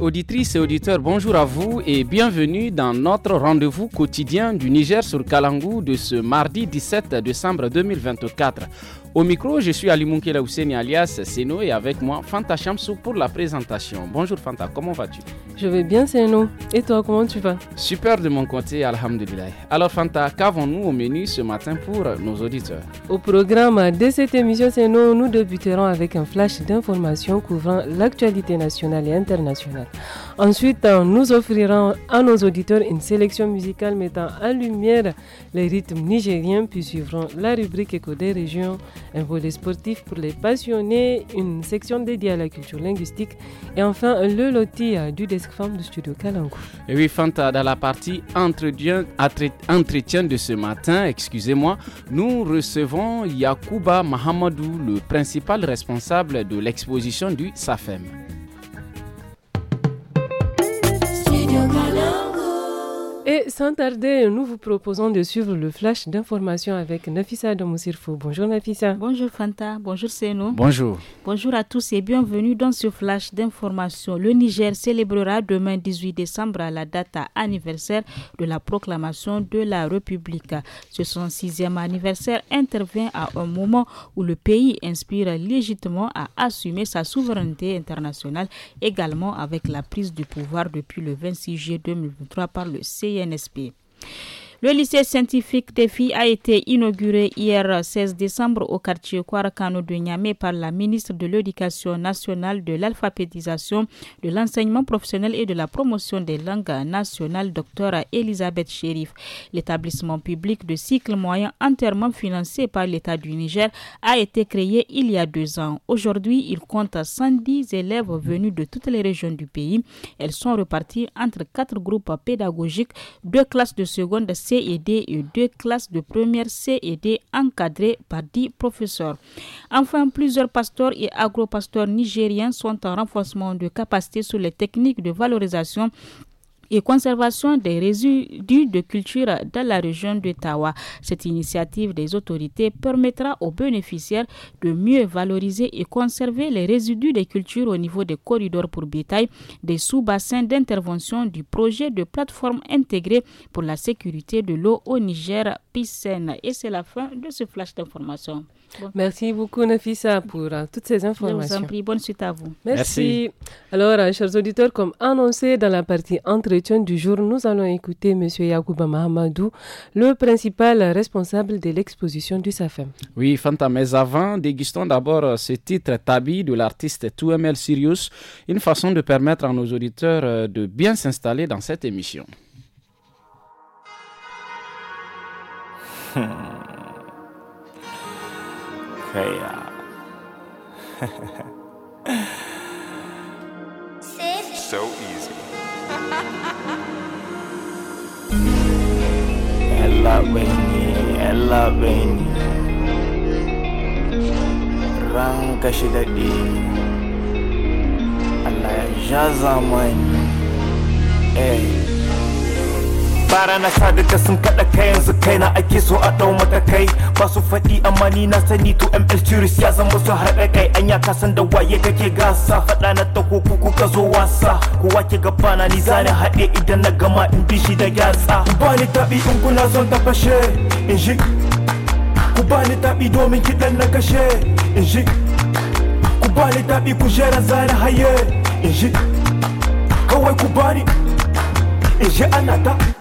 auditrices et auditeurs, bonjour à vous et bienvenue dans notre rendez-vous quotidien du Niger sur Kalangou de ce mardi 17 décembre 2024. Au micro, je suis Ali Moukela Hussein, alias Seno et avec moi Fanta Chamsou pour la présentation. Bonjour Fanta, comment vas-tu Je vais bien Seno. Et toi, comment tu vas Super de mon côté, Alhamdulillah. Alors Fanta, qu'avons-nous au menu ce matin pour nos auditeurs Au programme de cette émission Seno, nous débuterons avec un flash d'informations couvrant l'actualité nationale et internationale. Ensuite, euh, nous offrirons à nos auditeurs une sélection musicale mettant en lumière les rythmes nigériens, puis suivront la rubrique Éco des régions, un volet sportif pour les passionnés, une section dédiée à la culture linguistique et enfin le loti euh, du desk femme du studio Kalangou. Et oui, Fanta, dans la partie entretien, entretien de ce matin, excusez-moi, nous recevons Yakuba Mahamadou, le principal responsable de l'exposition du SAFEM. Et sans tarder, nous vous proposons de suivre le flash d'information avec Nafissa Domoussirfou. Bonjour Nafissa. Bonjour Fanta, bonjour Seno. Bonjour. Bonjour à tous et bienvenue dans ce flash d'information. Le Niger célébrera demain 18 décembre la date anniversaire de la proclamation de la République. Ce 106e anniversaire intervient à un moment où le pays inspire légitimement à assumer sa souveraineté internationale, également avec la prise du pouvoir depuis le 26 juillet 2023 par le CIA NSP. Le lycée scientifique des filles a été inauguré hier 16 décembre au quartier Kwarakano de Niamey par la ministre de l'Éducation nationale, de l'alphabétisation, de l'enseignement professionnel et de la promotion des langues nationales, Dr Elisabeth Chérif. L'établissement public de cycle moyen entièrement financé par l'État du Niger a été créé il y a deux ans. Aujourd'hui, il compte 110 élèves venus de toutes les régions du pays. Elles sont reparties entre quatre groupes pédagogiques, deux classes de seconde, C et deux classes de première D encadrées par dix professeurs. Enfin, plusieurs pasteurs et agro-pasteurs nigériens sont en renforcement de capacité sur les techniques de valorisation et conservation des résidus de culture dans la région de Tawa. Cette initiative des autorités permettra aux bénéficiaires de mieux valoriser et conserver les résidus des cultures au niveau des corridors pour bétail, des sous-bassins d'intervention du projet de plateforme intégrée pour la sécurité de l'eau au Niger, Pissène. Et c'est la fin de ce flash d'information. Merci beaucoup, Nafisa, pour euh, toutes ces informations. Je vous en prie, bonne suite à vous. Merci. Alors, euh, chers auditeurs, comme annoncé dans la partie entretien du jour, nous allons écouter M. Yacouba Mahamadou, le principal responsable de l'exposition du SAFEM. Oui, Fanta, mais avant, dégustons d'abord euh, ce titre Tabi de l'artiste Toumel Sirius, une façon de permettre à nos auditeurs de bien s'installer dans cette émission. chaos. so easy. Ella beni, ella beni. Ranka Allah bara na sa duka sun kaɗa kai yanzu kaina ake so a ɗau matakai ba su faɗi amma ni na sani to ml turis ya zama su haɗa kai anya ka san da waye kake gasa faɗa na ta ko kuku ka zo wasa kowa ke gaba na ni zane haɗe idan na gama in bi shi da yatsa ba ni taɓi in kuna son ta fashe in shi ku ba ni taɓi domin kiɗan na kashe in shi ku ba ni taɓi ku shera zane haye in shi kawai ku ba in shi ana ta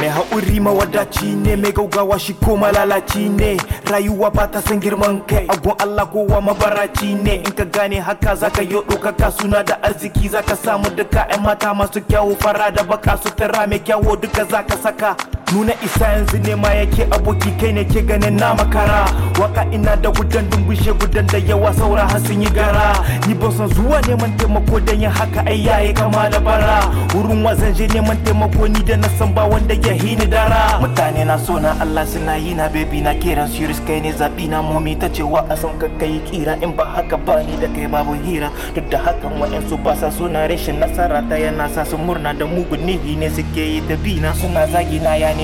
mai haƙuri mawadaci ne mai gaugawa shi ko malalaci ne rayuwa ba ta san girman kai agun Allah kowa mabaraci ne in ka gane haka zaka yi ɗaukaka suna da arziki zaka samu duka 'yan mata masu kyau fara da baka sutura mai kyawu duka zaka saka nuna isa yanzu ne ma yake aboki kai ne ke ganin na makara waka ina da gudan dumbushe gudan da yawa saura har sun yi gara ni ba son zuwa neman taimako dan yin haka ai yayi kama da bara wurin wazan je neman taimako ni da na san ba wanda ya hini dara mutane na so na Allah suna yi na baby na kiran serious kai ne zabi na momi ta cewa a san kakkai kira in ba haka ba ni da kai babu hira duk da hakan wa'ansu ba sa suna rashin nasara ta yana sa su murna da mugun nihi ne suke yi ta bina suna zagi na yani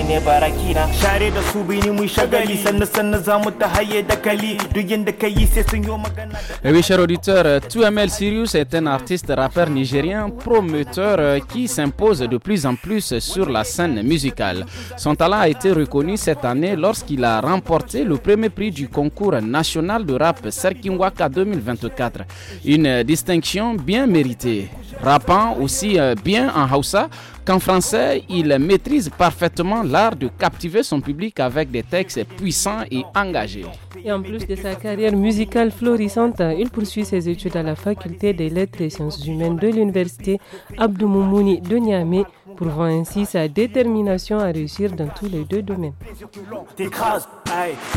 Eh oui cher auditeur Sirius est un artiste rappeur nigérien prometteur euh, qui s'impose de plus en plus sur la scène musicale son talent a été reconnu cette année lorsqu'il a remporté le premier prix du concours national de rap Serkinwaka 2024 une distinction bien méritée rappant aussi euh, bien en Hausa qu'en français, il maîtrise parfaitement l'art de captiver son public avec des textes puissants et engagés. Et en plus de sa carrière musicale florissante, il poursuit ses études à la faculté des lettres et sciences humaines de l'université Abdou Moumouni de Niamey prouvant ainsi sa détermination à réussir dans tous les deux domaines.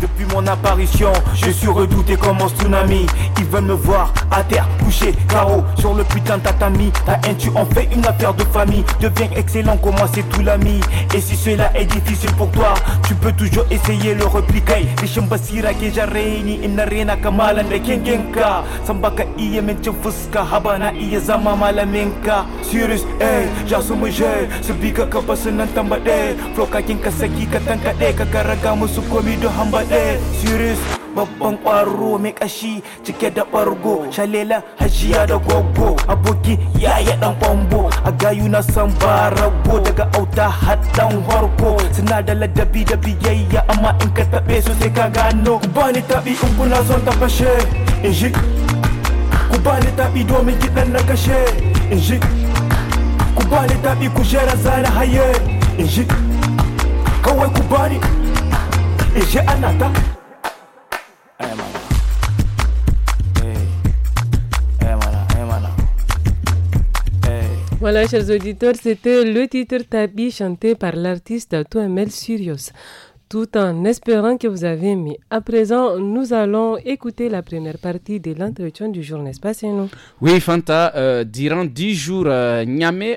Depuis mon apparition, je suis redouté comme un tsunami. Ils veulent me voir à terre, couché, carreau sur le putain de tatami. La haine, tu en fais une affaire de famille. Deviens excellent, comme moi, c'est tout l'ami. Et si cela est difficile pour toi, tu peux toujours essayer le repliquer. Les chambasira que j'arrête, il n'a rien à kamala, mais kengenka. Sambaka iye, mais tu fuska, habana iye, zama malamenka. Sirius, hey, j'assume, j'ai Subiga ka basunan tambade Flow kin ka saki ka tankaɗe. Ka karaga musu komi don hambade Serious babban kwaro mai kashi cike da bargo shalela hajiya da gogo aboki ya yi dan a gayu na san barago daga auta haddan harko suna da ladabi da biyayya amma in ka taɓe su sai ka gano ku bani tabi in kuna son fashe in ku bani tabi domin kiɗan na kashe in Voilà, chers auditeurs, c'était le titre Tabi chanté par l'artiste Mel Sirius tout en espérant que vous avez aimé. À présent, nous allons écouter la première partie de l'entretien du jour, n'est-ce pas, nous Oui, Fanta, euh, durant dix jours, euh,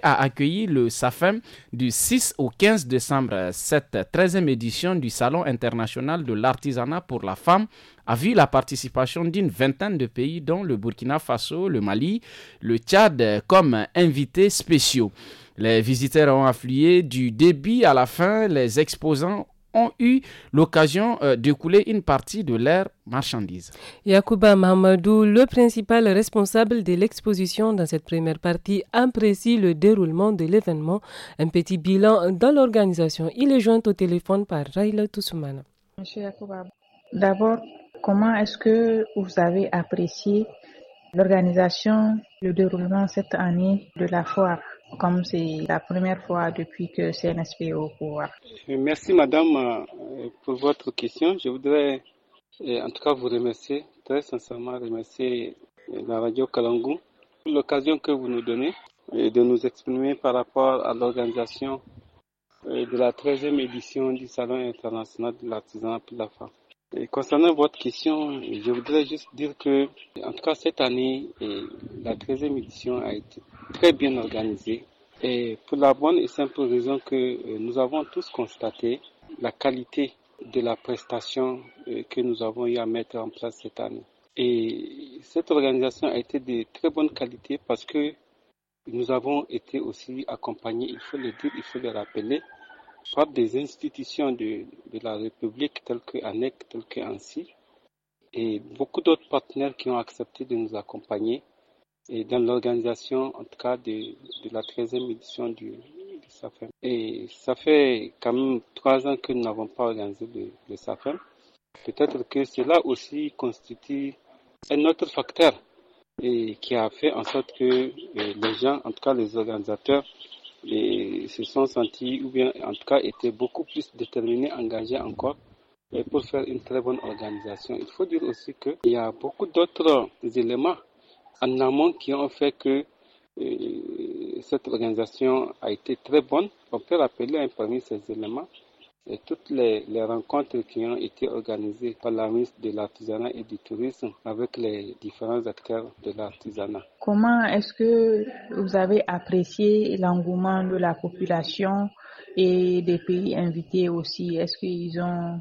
a accueilli le SAFEM du 6 au 15 décembre. Cette 13e édition du Salon international de l'artisanat pour la femme a vu la participation d'une vingtaine de pays, dont le Burkina Faso, le Mali, le Tchad, comme invités spéciaux. Les visiteurs ont afflué du début à la fin, les exposants ont eu l'occasion euh, de couler une partie de leur marchandises. Yacouba Mamadou, le principal responsable de l'exposition dans cette première partie, apprécie le déroulement de l'événement. Un petit bilan dans l'organisation. Il est joint au téléphone par Raila Toussoumana. Monsieur Yacouba, d'abord, comment est-ce que vous avez apprécié l'organisation, le déroulement cette année de la foire comme c'est la première fois depuis que CNSP est au pouvoir. Euh, merci Madame euh, pour votre question. Je voudrais euh, en tout cas vous remercier, très sincèrement remercier la radio Kalangou, l'occasion que vous nous donnez de nous exprimer par rapport à l'organisation de la 13e édition du Salon international de l'artisanat pour la femme concernant votre question, je voudrais juste dire que, en tout cas, cette année, la 13e édition a été très bien organisée. Et pour la bonne et simple raison que euh, nous avons tous constaté la qualité de la prestation euh, que nous avons eu à mettre en place cette année. Et cette organisation a été de très bonne qualité parce que nous avons été aussi accompagnés, il faut le dire, il faut le rappeler, par des institutions de, la République telles Anec, telles qu'ANSI, et beaucoup d'autres partenaires qui ont accepté de nous accompagner et dans l'organisation, en tout cas, de, la 13e édition du, SAFEM. Et ça fait quand même trois ans que nous n'avons pas organisé le, SAFEM. Peut-être que cela aussi constitue un autre facteur qui a fait en sorte que euh, les gens, en tout cas les organisateurs, les, se sont sentis, ou bien en tout cas étaient beaucoup plus déterminés, engagés encore et pour faire une très bonne organisation. Il faut dire aussi qu'il y a beaucoup d'autres éléments en amont qui ont fait que euh, cette organisation a été très bonne. On peut rappeler un parmi ces éléments et toutes les, rencontres qui ont été organisées par la ministre de l'Artisanat et du Tourisme avec les différents acteurs de l'artisanat. Comment est-ce que vous avez apprécié l'engouement de la population et des pays invités aussi Est-ce qu'ils ont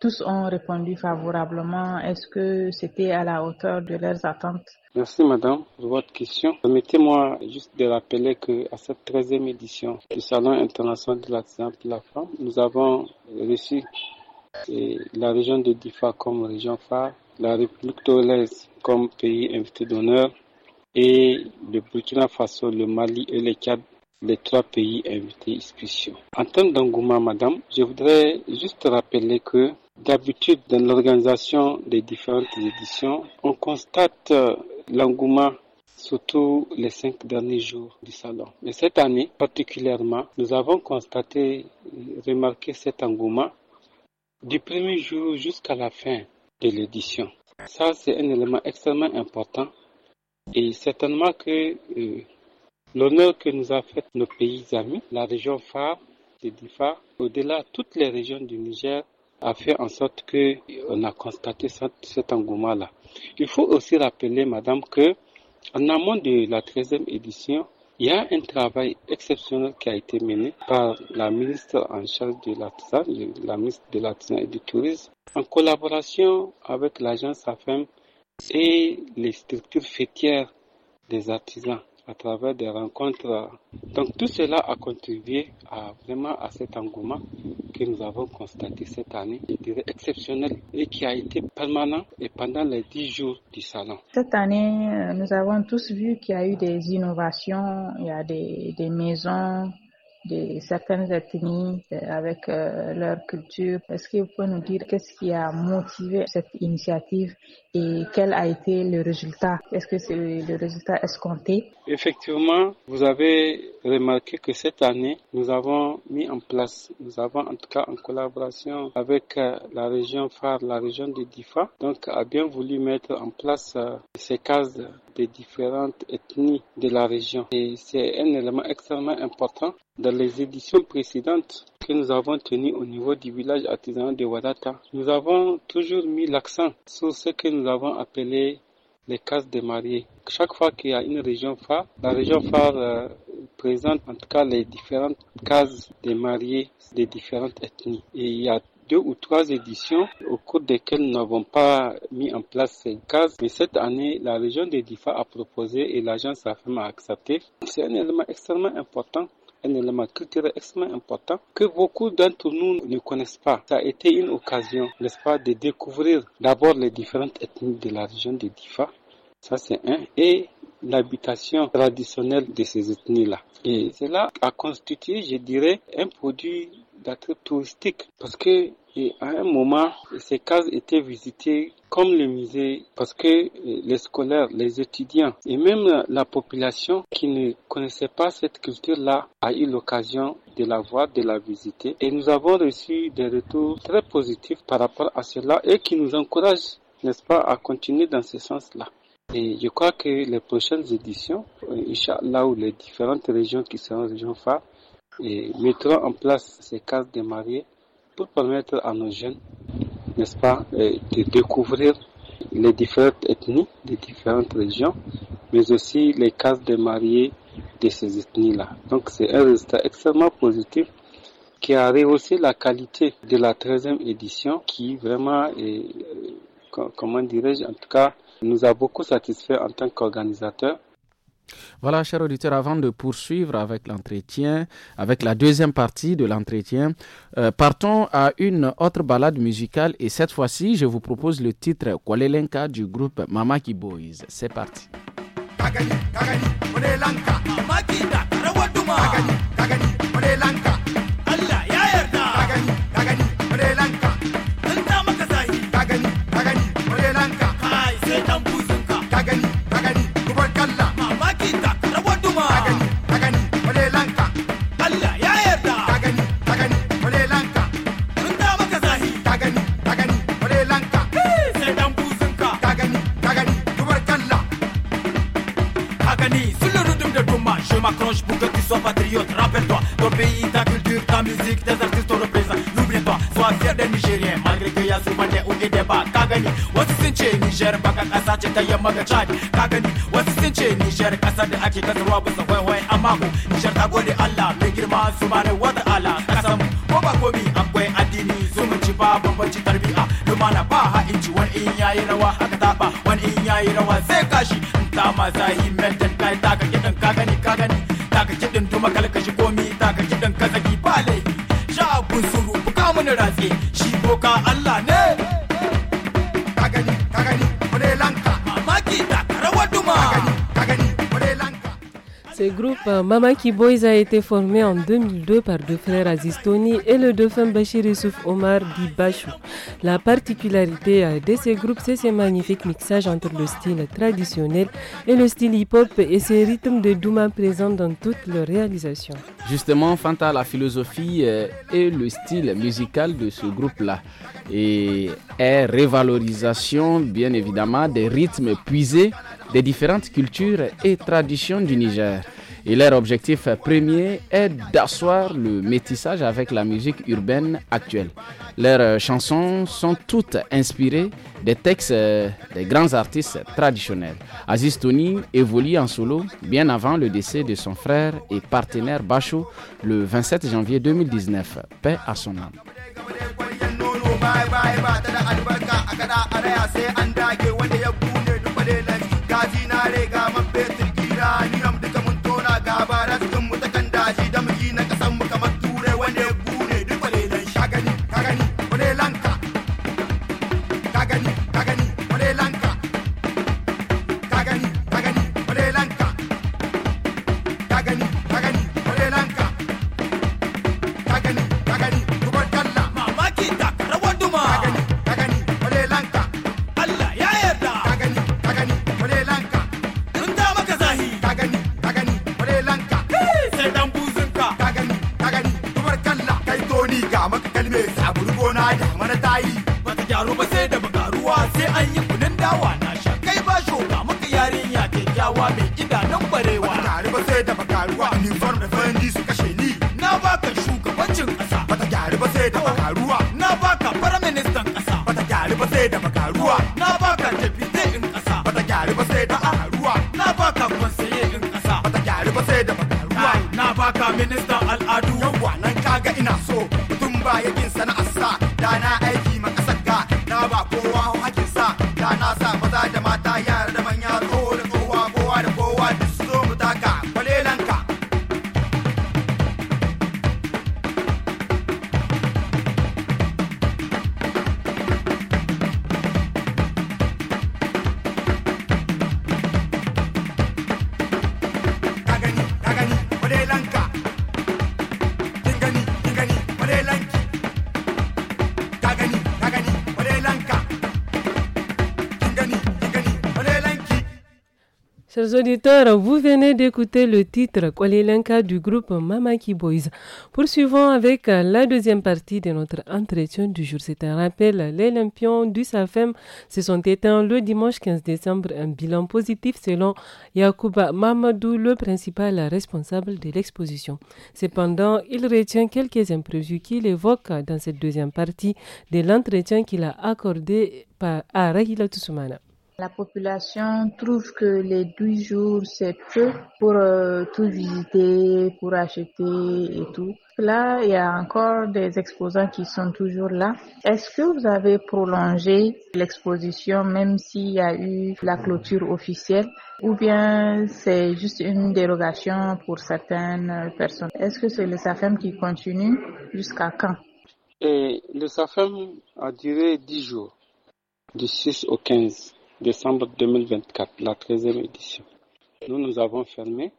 tous ont répondu favorablement. Est-ce que c'était à la hauteur de leurs attentes Merci madame pour votre question. Permettez-moi juste de rappeler que à cette 13e édition du Salon international de l'accident de la femme, nous avons reçu eh, la région de Difa comme région phare, la République togolaise comme pays invité d'honneur et le Burkina Faso, le Mali et le Tchad les trois pays invités spéciaux. En termes d'engouement, madame, je voudrais juste rappeler que D'habitude, dans l'organisation des différentes éditions, on constate euh, l'engouement surtout les cinq derniers jours du salon. Mais cette année, particulièrement, nous avons constaté, remarqué cet engouement du premier jour jusqu'à la fin de l'édition. Ça, c'est un élément extrêmement important et certainement que euh, l'honneur que nous a fait nos pays amis, la région phare, c'est DIFA, au-delà toutes les régions du Niger, a fait en sorte qu'on a constaté cet engouement-là. Il faut aussi rappeler, Madame, que en amont de la 13e édition, il y a un travail exceptionnel qui a été mené par la ministre en charge de l'artisan, la ministre de l'artisan et du tourisme, en collaboration avec l'agence AFEM et les structures fêtières des artisans à travers des rencontres. Donc tout cela a contribué à, vraiment à cet engouement que nous avons constaté cette année, je dirais exceptionnel, et qui a été permanent et pendant les dix jours du salon. Cette année, euh, nous avons tous vu qu'il y a eu des innovations, il y a des, des maisons de certaines ethnies euh, avec euh, leur culture. Est-ce que vous pouvez nous dire qu'est-ce qui a motivé cette initiative et quel a été le résultat Est-ce que c'est le résultat escompté Effectivement, vous avez remarqué que cette année, nous avons mis en place, nous avons en tout cas en collaboration avec euh, la région phare, la région de Difa, donc a bien voulu mettre en place ces cases des différentes ethnies de la région. Et c'est un élément extrêmement important dans les éditions précédentes que nous avons tenues au niveau du village artisanal de Wadata. Nous avons toujours mis l'accent sur ce que nous avons appelé les cases de mariés. Chaque fois qu'il y a une région phare, la région phare euh, présente en tout cas les différentes cases des mariés des différentes ethnies. Et il y a deux ou trois éditions au cours desquelles nous n'avons pas mis en place ces cases. Mais cette année, la région de Difa a proposé et l'agence AFM a accepté. C'est un élément extrêmement important un élément culturel extrêmement important que beaucoup d'entre nous ne connaissent pas. Ça a été une occasion, n'est-ce pas, de découvrir d'abord les différentes ethnies de la région de Difa. Ça, c'est un. Et l'habitation traditionnelle de ces ethnies-là. Et cela a constitué, je dirais, un produit D'être touristique parce que à un moment, ces cases étaient visitées comme le musée parce que euh, les scolaires, les étudiants et même la population qui ne connaissait pas cette culture-là a eu l'occasion de la voir, de la visiter et nous avons reçu des retours très positifs par rapport à cela et qui nous encouragent, n'est-ce pas, à continuer dans ce sens-là. Et je crois que les prochaines éditions, euh, là où les différentes régions qui seront régions phares, et mettra en place ces cases de mariés pour permettre à nos jeunes, n'est-ce pas, euh, de découvrir les différentes ethnies, des différentes régions, mais aussi les cases de mariés de ces ethnies-là. Donc c'est un résultat extrêmement positif qui a rehaussé la qualité de la 13e édition qui vraiment euh, comment dirais-je, en tout cas, nous a beaucoup satisfait en tant qu'organisateurs. Voilà, chers auditeurs, avant de poursuivre avec l'entretien, avec la deuxième partie de l'entretien, euh, partons à une autre balade musicale et cette fois-ci, je vous propose le titre Kwalelenka du groupe Mamaki Boys. C'est parti. je m'accroche pour que tu sois patriote. Rappelle-toi, ton pays, ta culture, ta musique, tes artistes te représentent. N'oublie N'oublie-toi, sois fier des Nigériens, malgré qu'il y a souvent des hauts et des bas. Kagani, wasu sun ce Niger baka kasa ce ta yamma ga Chad. Kagani, wasu sun ce Niger kasa da ake kasarwa bisa waiwai a mako. Niger ta gode Allah, mai girma su mare wata ala. Kasan ko ba komi akwai addini, zumunci ba bambanci tarbiya. Lumana ba ha inci wani in yayi rawa aka taba, wani in zahi mental kai ta kagani. kuma shi komi ta ka kidan ka zaki ba laifi sha abun suru buka mun ratse shi boka Allah ne Ce groupe euh, Mamaki Boys a été formé en 2002 par deux frères azistoni et le dauphin Bachir Youssouf Omar Bachou. La particularité euh, de ce groupe, c'est ce magnifique mixage entre le style traditionnel et le style hip-hop et ces rythmes de Douma présents dans toutes leurs réalisations. Justement, Fanta, la philosophie euh, et le style musical de ce groupe-là est révalorisation, bien évidemment, des rythmes puisés des différentes cultures et traditions du Niger. Et leur objectif premier est d'asseoir le métissage avec la musique urbaine actuelle. Leurs chansons sont toutes inspirées des textes des grands artistes traditionnels. Aziz Tony évolue en solo bien avant le décès de son frère et partenaire Bacho le 27 janvier 2019. Paix à son âme. uniform da farin su kashe ni na baka shugabancin ƙasa auditeurs, vous venez d'écouter le titre Kolelenka du groupe Mamaki Boys. Poursuivons avec la deuxième partie de notre entretien du jour. C'est un rappel, les lampions du SAFEM se sont éteints le dimanche 15 décembre. Un bilan positif selon Yakuba Mamadou, le principal responsable de l'exposition. Cependant, il retient quelques imprévus qu'il évoque dans cette deuxième partie de l'entretien qu'il a accordé à Rahila Toussoumana. La population trouve que les 12 jours c'est peu pour euh, tout visiter, pour acheter et tout. Là, il y a encore des exposants qui sont toujours là. Est-ce que vous avez prolongé l'exposition même s'il y a eu la clôture officielle ou bien c'est juste une dérogation pour certaines personnes Est-ce que c'est le SAFEM qui continue jusqu'à quand Le SAFEM a duré 10 jours, du 6 au 15 décembre 2024, la 13e édition. Nous, nous avons fermé.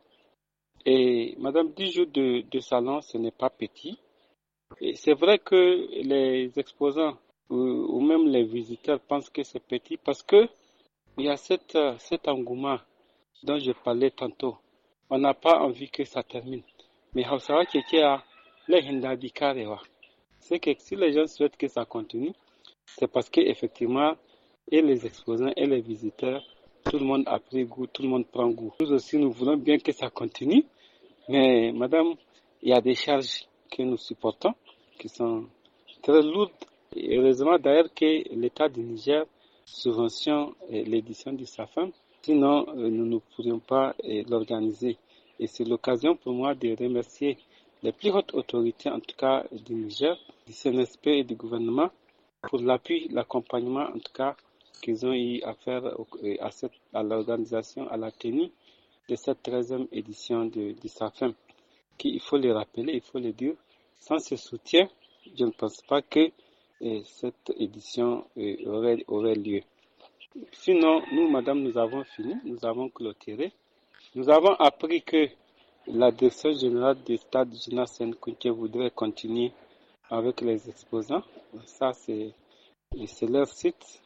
Et Madame, 10 jours de, salon, ce n'est pas petit. Et c'est vrai que les exposants ou, même les visiteurs pensent que c'est petit parce que il y a cette, cet engouement dont je parlais tantôt. On n'a pas envie que ça termine. Mais qui Kekia, les C'est que si les gens souhaitent que ça continue, c'est parce qu'effectivement, et les exposants et les visiteurs, tout le monde a pris goût, tout le monde prend goût. Nous aussi, nous voulons bien que ça continue, mais madame, il y a des charges que nous supportons qui sont très lourdes. Et heureusement d'ailleurs que l'État du Niger subventionne euh, l'édition du SAFAM, sinon euh, nous ne pourrions pas euh, l'organiser. Et c'est l'occasion pour moi de remercier les plus hautes autorités, en tout cas du Niger, du CNSP et du gouvernement, pour l'appui, l'accompagnement, en tout cas, qu'ils ont eu affaire à, cette, à l'organisation, à la tenue de cette 13e édition de, de SAFEM, qui, il faut le rappeler, il faut le dire, sans ce soutien, je ne pense pas que eh, cette édition eh, aurait, aurait lieu. Sinon, nous, madame, nous avons fini, nous avons clôturé. Nous avons appris que la direction générale du stade Jonas Nkunke voudrait continuer avec les exposants. Ça, c'est leur site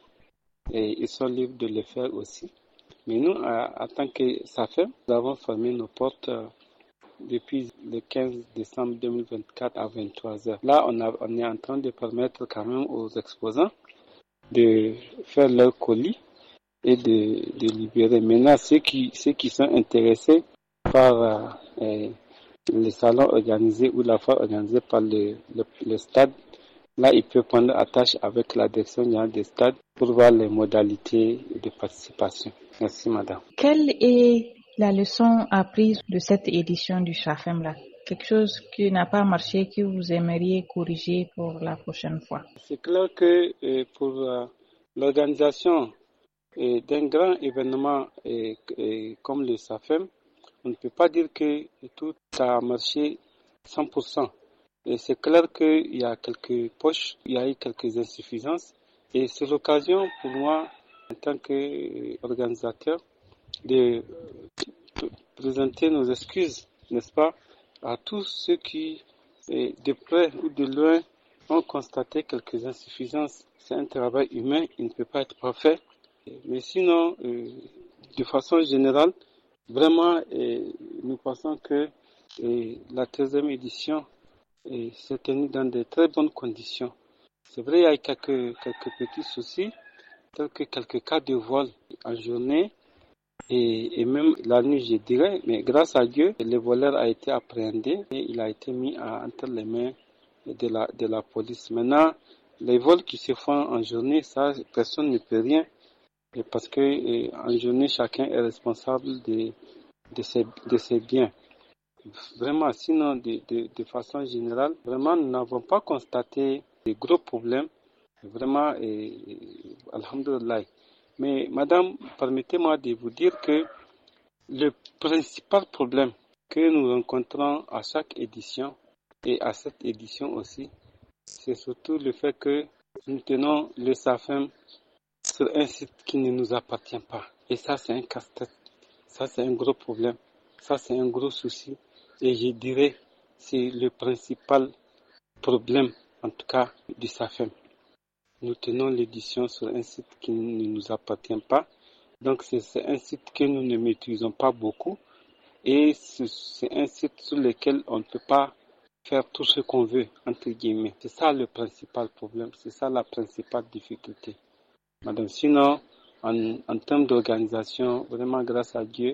et ils sont libres de le faire aussi. Mais nous, euh, en tant que SAFEM, nous avons fermé nos portes euh, depuis le 15 décembre 2024 à 23h. Là, on, on, est en train de permettre quand même aux exposants de faire leur colis et de, libérer. Maintenant, ceux qui, ceux qui sont intéressés par euh, les salons organisés ou la foire organisée par le, le stade Là, il peut prendre attache avec la direction des stades pour voir les modalités de participation. Merci, madame. Quelle est la leçon apprise de cette édition du SAFEM Quelque chose qui n'a pas marché, que vous aimeriez corriger pour la prochaine fois C'est clair que euh, pour euh, l'organisation euh, d'un grand événement comme le SAFEM, on ne peut pas dire que tout a marché 100%. Et c'est clair qu'il y a quelques poches, il y a eu quelques insuffisances. Et c'est l'occasion pour moi, en tant qu'organisateur, de présenter nos excuses, n'est-ce pas, à tous ceux qui, eh, de près ou de loin, ont constaté quelques insuffisances. C'est un travail humain, il ne peut pas être parfait. Mais sinon, euh, de façon générale, vraiment, eh, nous pensons que eh, la 13e édition et s'est tenu dans de très bonnes conditions. C'est vrai, il y a quelques, quelques petits soucis, tels que quelques cas de vol en journée et, et, même la nuit, je dirais, mais grâce à Dieu, le voleur a été appréhendé et il a été mis à, entre les mains de la, de la police. Maintenant, les vols qui se font en journée, ça, personne ne peut rien. Et parce que en journée, chacun est responsable de ses biens. Vraiment, sinon, de, de, de façon générale, vraiment, nous n'avons pas constaté de gros problèmes. Vraiment, et, Mais, madame, permettez-moi de vous dire que le principal problème que nous rencontrons à chaque édition, et à cette édition aussi, c'est surtout le fait que nous tenons le SAFEM sur un site qui ne nous appartient pas. Et ça, c'est un casse-tête. Ça, c'est un gros problème. Ça, c'est un gros souci. Et je dirais, c'est le principal problème, en tout cas, du SAFEM. Nous tenons l'édition sur un site qui ne nous appartient pas. Donc, c'est un site que nous ne maîtrisons pas beaucoup. Et c'est un site sur lequel on ne peut pas faire tout ce qu'on veut, entre guillemets. C'est ça le principal problème, c'est ça la principale difficulté. Madame, sinon, en, en termes d'organisation, vraiment grâce à Dieu,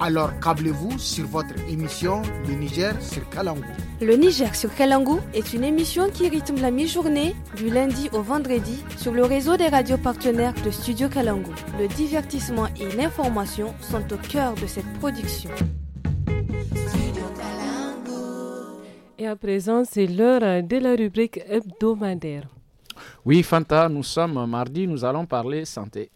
alors câblez-vous sur votre émission Le Niger sur Kalangou. Le Niger sur Kalangou est une émission qui rythme la mi-journée du lundi au vendredi sur le réseau des radios partenaires de Studio Kalangou. Le divertissement et l'information sont au cœur de cette production. Et à présent, c'est l'heure de la rubrique hebdomadaire. Oui, Fanta, nous sommes mardi, nous allons parler santé.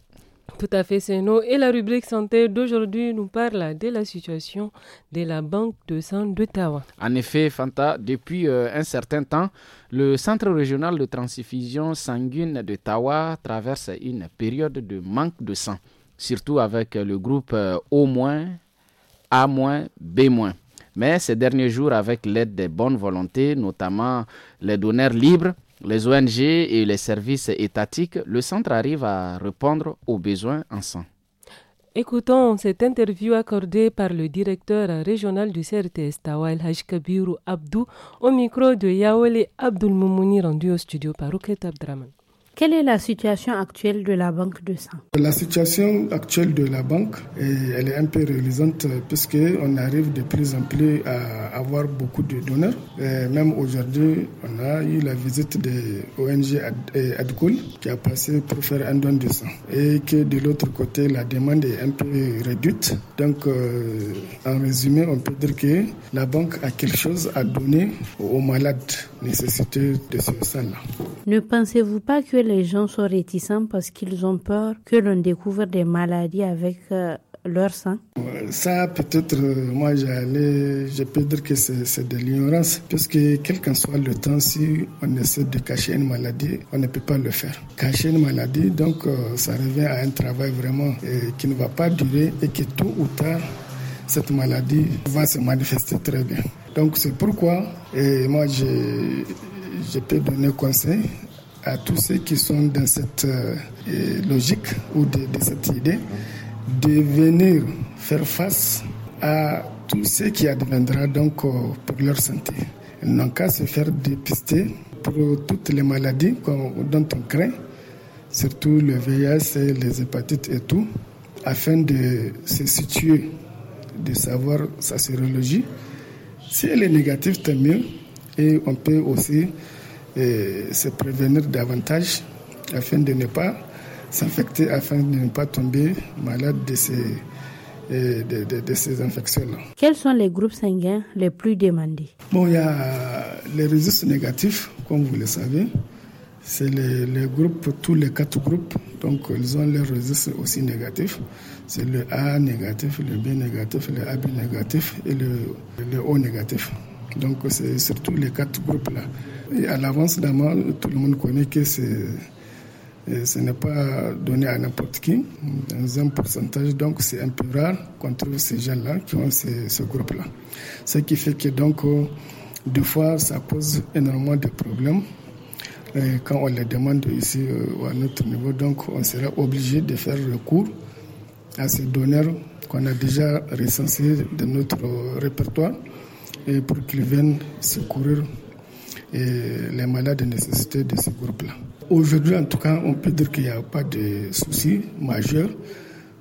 Tout à fait, c'est nous. Et la rubrique santé d'aujourd'hui nous parle de la situation de la Banque de sang de d'Ottawa. En effet, Fanta, depuis euh, un certain temps, le Centre régional de transfusion sanguine de d'Ottawa traverse une période de manque de sang, surtout avec le groupe euh, O-, A-, B-. Mais ces derniers jours, avec l'aide des bonnes volontés, notamment les donneurs libres, les ONG et les services étatiques, le centre arrive à répondre aux besoins en sang. Écoutons cette interview accordée par le directeur régional du CRTS Tawail Hajkabiru Abdou au micro de Yaouli Abdul rendu au studio par Rouket Abdraman. Quelle est la situation actuelle de la banque de sang La situation actuelle de la banque, elle est un peu réalisante euh, puisque on arrive de plus en plus à avoir beaucoup de donneurs. Euh, même aujourd'hui, on a eu la visite de ONG euh, Adcool qui a passé pour faire un don de sang et que de l'autre côté, la demande est un peu réduite. Donc, en résumé, on peut dire que la banque a quelque chose à donner aux malades nécessités de ce sang-là. Ne pensez-vous pas que les gens sont réticents parce qu'ils ont peur que l'on découvre des maladies avec euh, leur sang euh, Ça, peut-être, euh, moi, j'allais, je peux dire que c'est de l'ignorance, puisque quel qu'en soit le temps, si on essaie de cacher une maladie, on ne peut pas le faire. Cacher une maladie, donc, ça revient à un travail vraiment qui ne va pas durer et que tôt ou tard, cette maladie va se manifester très bien. Donc, c'est pourquoi, moi, je peux donner conseil à tous ceux qui sont dans cette euh, logique ou de, cette idée de venir faire face à tout ce qui adviendra donc euh, pour leur santé. Ils n'ont qu'à se faire dépister pour toutes les maladies dont on craint, surtout le VIH et les hépatites et tout, afin de se situer, de savoir sa sérologie. Si elle est négative, tant mieux. Et on peut aussi se prévenir davantage afin de ne pas s'infecter, afin de ne pas tomber malade de ces, de, ces infections-là. Quels sont les groupes sanguins les plus demandés Bon, il y a les résultats négatifs, comme vous le savez. C'est les, groupes, tous les quatre groupes, donc ils ont leurs résultats aussi négatifs. C'est le A négatif, le B négatif, le AB négatif et le, le O négatif. Donc c'est surtout les quatre groupes-là et à l'avance, tout le monde connaît que euh, ce n'est pas donné à n'importe qui, dans un pourcentage, donc c'est un peu rare qu'on trouve ces gens-là qui ont ce, groupe-là. Ce qui fait que donc, euh, des fois, ça pose énormément de problèmes. quand on les demande ici ou euh, à notre niveau, donc on sera obligé de faire recours à ces donneurs qu'on a déjà recensés de notre répertoire et pour qu'ils viennent secourir et les malades nécessités de ce groupe-là. Aujourd'hui, en tout cas, on peut dire qu'il n'y a pas de soucis majeurs.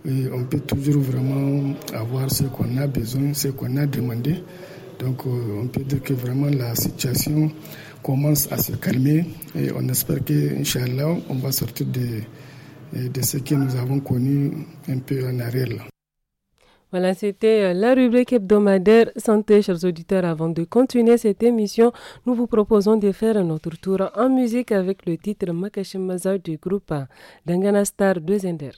Et on peut toujours vraiment avoir ce qu'on a besoin, ce qu'on a demandé. Donc, euh, on peut dire que vraiment la situation commence à se calmer et on espère que, Inch'Allah, on va sortir de, de ce que nous avons connu un peu en arrière. Là. Voilà, c'était euh, la rubrique hebdomadaire Santé, chers auditeurs. Avant de continuer cette émission, nous vous proposons de faire notre tour en musique avec le titre Makashimaza du groupe euh, Dangana Star 2 Zender.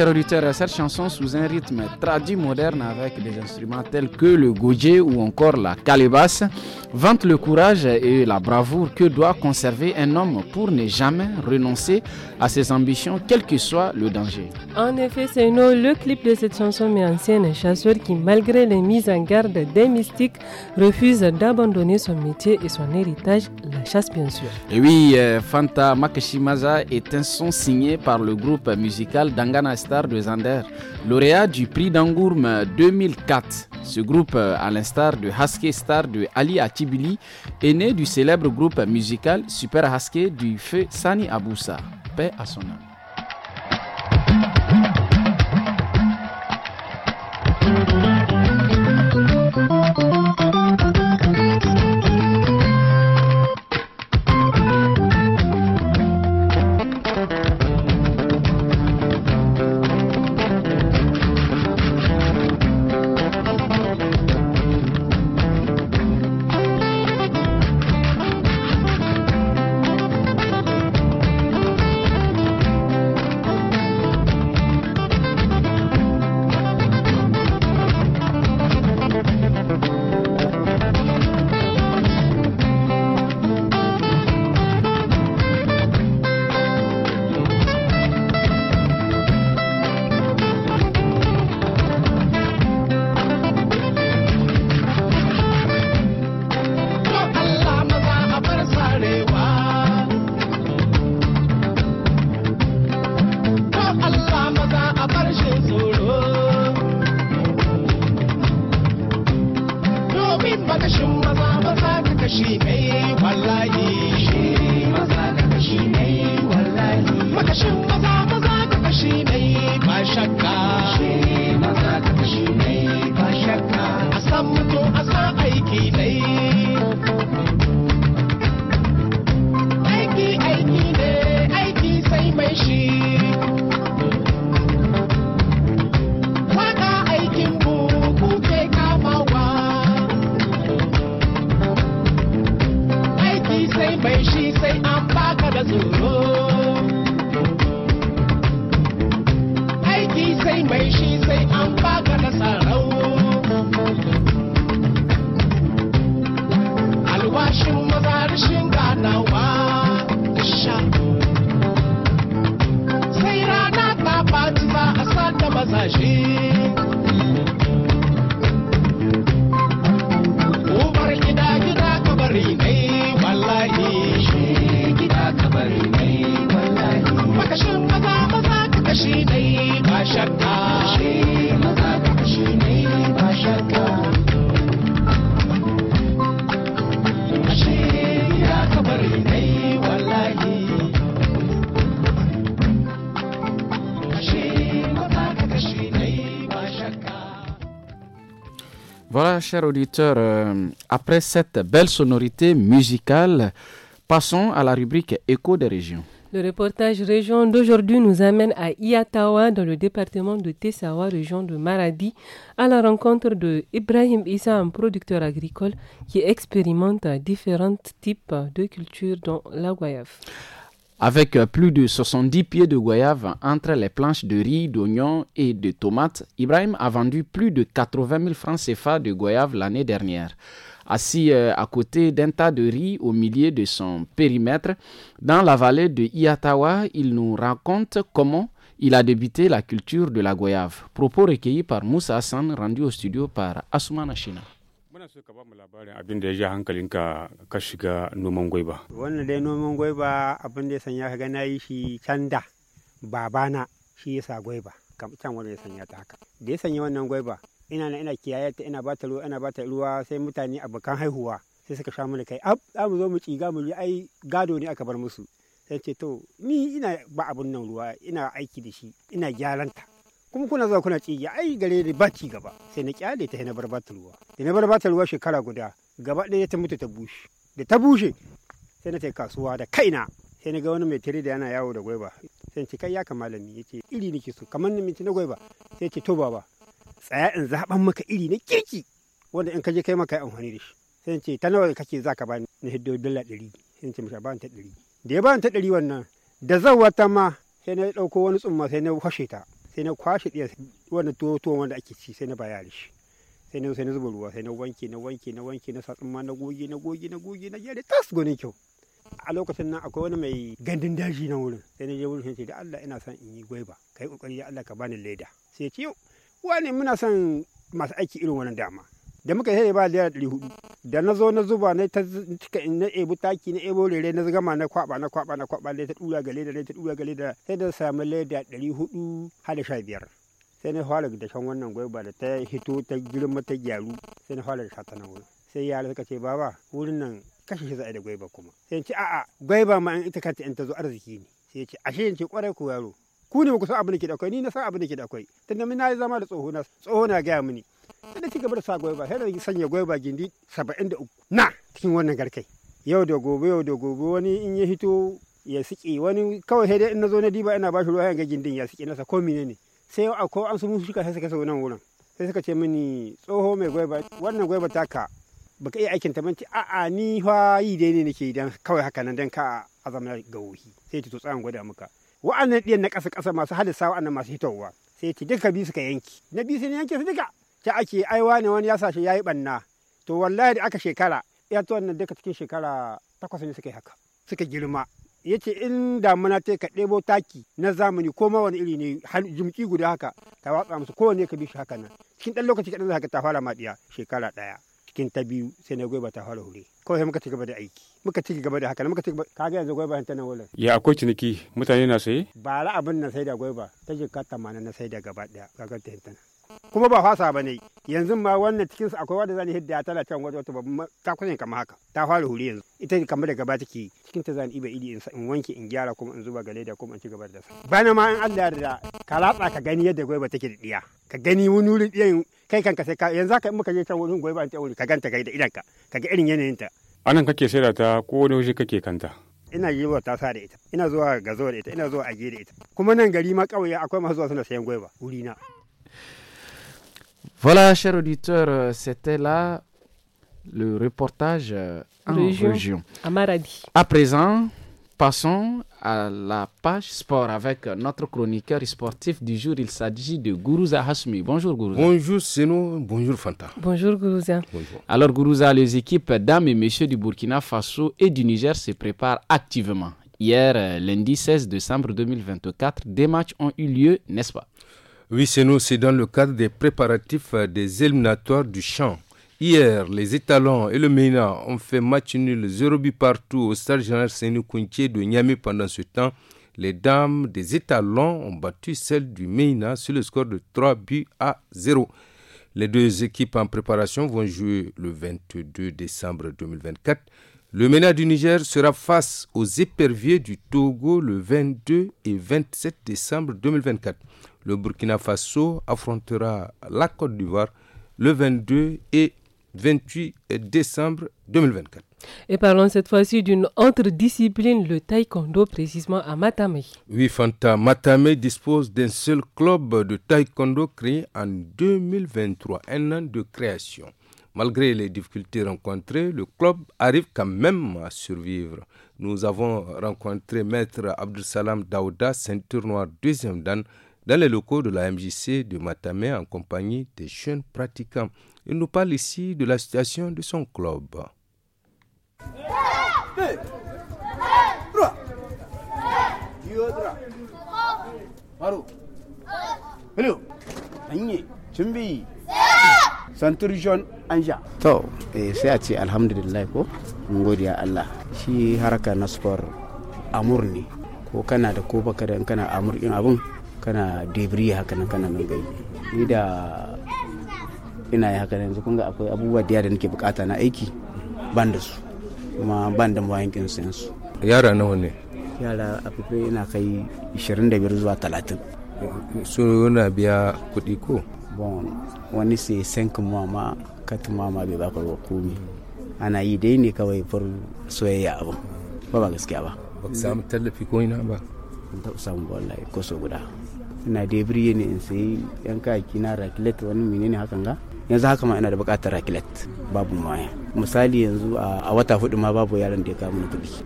chers auditeurs, cette chanson sous un rythme traduit moderne avec des instruments tels que le goje ou encore la calebasse vante le courage et la bravoure que doit conserver un homme pour ne jamais renoncer à ses ambitions, quel que soit le danger. En effet, c'est le clip de cette chanson met en scène chasseur qui, malgré les mises en garde des mystiques, refuse d'abandonner son métier et son héritage, la chasse bien sûr. Et oui, euh, Fanta Makashimaza est un son signé par le groupe musical Dangana Star de Zander, lauréat du prix d'Angourme 2004. Ce groupe, euh, à l'instar de Haske Star de Ali Atibili, est né du célèbre groupe musical Super Haske du feu Sani Aboussa. Paix à son âme. mai shi sai an baka da tsoro aiki sai mai shi sai an baka da tsarau alwashin maza rashin ganawa sha sai rana ta faci za a sa da Voilà, chers auditeurs, euh, après cette belle sonorité musicale, passons à la rubrique Écho des régions. Le reportage région d'aujourd'hui nous amène à Iatawa, dans le département de Tessawa, région de Maradi, à la rencontre de Ibrahim Issa, un producteur agricole qui expérimente différents types de cultures, dont la goyave. Avec plus de 70 pieds de goyave entre les planches de riz, d'oignons et de tomates, Ibrahim a vendu plus de 80 000 francs CFA de goyave l'année dernière assis euh, à côté d'un tas de riz au milieu de son périmètre. Dans la vallée de Iatawa, il nous raconte comment il a débuté la culture de la goyave. Propos recueillis par Moussa Hassan, rendu au studio par asuma China. ina na ina kiyaye ta ina bata ruwa ina bata ruwa sai mutane a bakan haihuwa sai suka sha mana kai ab za mu zo mu ciga mu yi ai gado ne aka bar musu sai ce to ni ina ba abun nan ruwa ina aiki da shi ina gyaranta kuma kuna zuwa kuna ciga ai gare da ba ci gaba sai na kyale ta na bar bata ruwa da na bar bata ruwa shekara guda gaba ɗaya ta mutu ta bushe da ta bushe sai na ta kasuwa da kaina sai na ga wani mai tare da yana yawo da gwaiba sai ce kai ya ka ya yace iri nake so kamar na minti gwaiba sai ce to baba tsaya in zaɓan maka iri na kirki wanda in ka je kai maka yi amfani da shi sai ce ta nawa kake za ka bani na hiddo dala ɗari sai ce mishi ba ta ɗari da ya ba ta ɗari wannan da zan wata ma sai na ɗauko wani tsumma sai na kwashe ta sai na kwashe ɗiyar wannan tuwo tuwon wanda ake ci sai na baya da shi sai na sai na zuba ruwa sai na wanke na wanke na wanke na sa tsumma na goge na goge na goge na gyara tas gonin kyau a lokacin nan akwai wani mai gandun daji na wurin sai na je wurin sai da Allah ina son in yi gwaiba kai kokari ya Allah ka bani leda sai ce yau wani muna son masu aiki irin wannan dama da muka sai ba da ɗari hudu da na zo na zuba na ta cika na ebu taki na ebo rere na gama na kwaba na kwaba na kwaba ta dura gale da ta dura gale da sai da samu leda ɗari hudu har da sha biyar sai na fara da shan wannan gwaiba da ta hito ta girma ta gyaru sai na fara da sha ta nan wurin sai yara suka ce baba wurin nan kashe shi za'a da gwaiba kuma sai ce a'a gwaiba ma in ita kanta in ta zo arziki ne sai ce ashe in ce kwarai ko yaro ku ne ku san abin da ke da ni na san abin da ke da akwai tunda mun yi zama da tsoho na tsoho na gaya mini sai da ci gaba da sa gwaiba sai da sanya gwaiba gindi saba'in da uku na cikin wannan garkai yau da gobe yau da gobe wani in ya hito ya siƙi wani kawai sai dai in na zo na diba ina ba shi ruwa yanga gindin ya siƙi nasa ko mine ne sai yau ko an su mun shuka sai suka sau nan wurin sai suka ce mini tsoho mai gwaiba wannan gwaiba ta ka baka iya aikin ta manci a'a ni fa yi dai ne nake dan kawai haka nan dan ka a zama gawohi sai ta to tsayan gwada maka wa'annan ɗiyan na ƙasa ƙasa masu halissa wa'annan masu hitowa sai ce duka bi ka yanki na bi sai yanke su duka ta ake aiwa ne wani ya sashi ya yi ɓanna to wallahi da aka shekara ya ta wannan duka cikin shekara takwas ne suka yi haka suka girma ya ce in damuna ta ka ɗebo taki na zamani ko ma wani iri ne jimki guda haka ta watsa musu kowane ka bi shi haka nan cikin ɗan lokaci kaɗan za ka ta fara maɗiya shekara ɗaya cikin ta biyu sai na gwaiba ta fara hure kawai muka ci gaba da aiki muka ci gaba da haka muka ci gaba kaga yanzu gwaiba ta nan wurin ya akwai ciniki mutane na saye ba la abin na sai da gwaiba ta jikka 80 na sai da gaba daya kaga ta hinta kuma ba fasa ba ne yanzu ma wannan cikin su akwai wanda zani hidda ta lafiya wata wata babban ta kusa kamar haka ta fara hure yanzu ita kamar da gaba take cikin ta zani iba idi in wanke in gyara kuma in zuba gale da kuma in ci gaba da sa bana ma in Allah ya yarda ka latsa ka gani yadda gwaiba take da diya ka gani wani wuri diyan kai kanka sai ka yanzu haka muka je can wurin goyi ba ta wuri ka ganta kai da idanka ka ga irin yanayin ta anan kake saida ta ko wani waje kake kanta ina yi wa tasa da ita ina zuwa gazo da ita ina zuwa aje da ita kuma nan gari ma kauye akwai masu zuwa suna sayan goyi ba wuri na Voilà, chers auditeurs, c'était là le reportage en région. région. À Maradi. À présent, passons à la page sport avec notre chroniqueur sportif du jour. Il s'agit de Gourouza Hasmi. Bonjour Gourouza. Bonjour Seno, bonjour Fanta. Bonjour Gourouza. Alors Gourouza, les équipes dames et messieurs du Burkina Faso et du Niger se préparent activement. Hier, lundi 16 décembre 2024, des matchs ont eu lieu, n'est-ce pas Oui, Sénou, c'est dans le cadre des préparatifs des éliminatoires du champ Hier, les Étalons et le MENA ont fait match nul 0 but partout au stade général Sénou de Niamey pendant ce temps. Les dames des Étalons ont battu celles du MENA sur le score de 3 buts à 0. Les deux équipes en préparation vont jouer le 22 décembre 2024. Le MENA du Niger sera face aux éperviers du Togo le 22 et 27 décembre 2024. Le Burkina Faso affrontera la Côte d'Ivoire le 22 et 28 décembre 2024. Et parlons cette fois-ci d'une autre discipline, le taekwondo, précisément à Matame. Oui, Fanta, Matame dispose d'un seul club de taekwondo créé en 2023, un an de création. Malgré les difficultés rencontrées, le club arrive quand même à survivre. Nous avons rencontré Maître Abdul Salam Daouda, ceinture noire deuxième dan dans les locaux de la MJC de Matamé en compagnie des jeunes pratiquants. Il nous parle ici de la situation de son club. santur john anja to eh, sai a ce alhamdulillah ko godiya allah shi haraka na sport amur ne ko kana da ko baka da kana amur in abun kana debri haka nan kana nan gai ni da ina yi haka yanzu kun ga akwai abubuwa da nake bukata na aiki ban da su kuma ban da mawayin kin sayan su yara nawa ne yara a ina kai 25 zuwa 30 su yana biya kuɗi ko bon wani sai senkin mama katin mama bai baka ruwa komai ana yi dai ne kawai far soyayya abu ba ba gaskiya ba ba samu tallafi ko ina ba ban samu ba wallahi ko so guda ina debriye ne in sai yan kaki na rakilet wani menene hakan ga yanzu haka ma ina da bukatar rakilet babu maya misali yanzu a wata hudu ma babu yaran da ya kawo kuɗi sai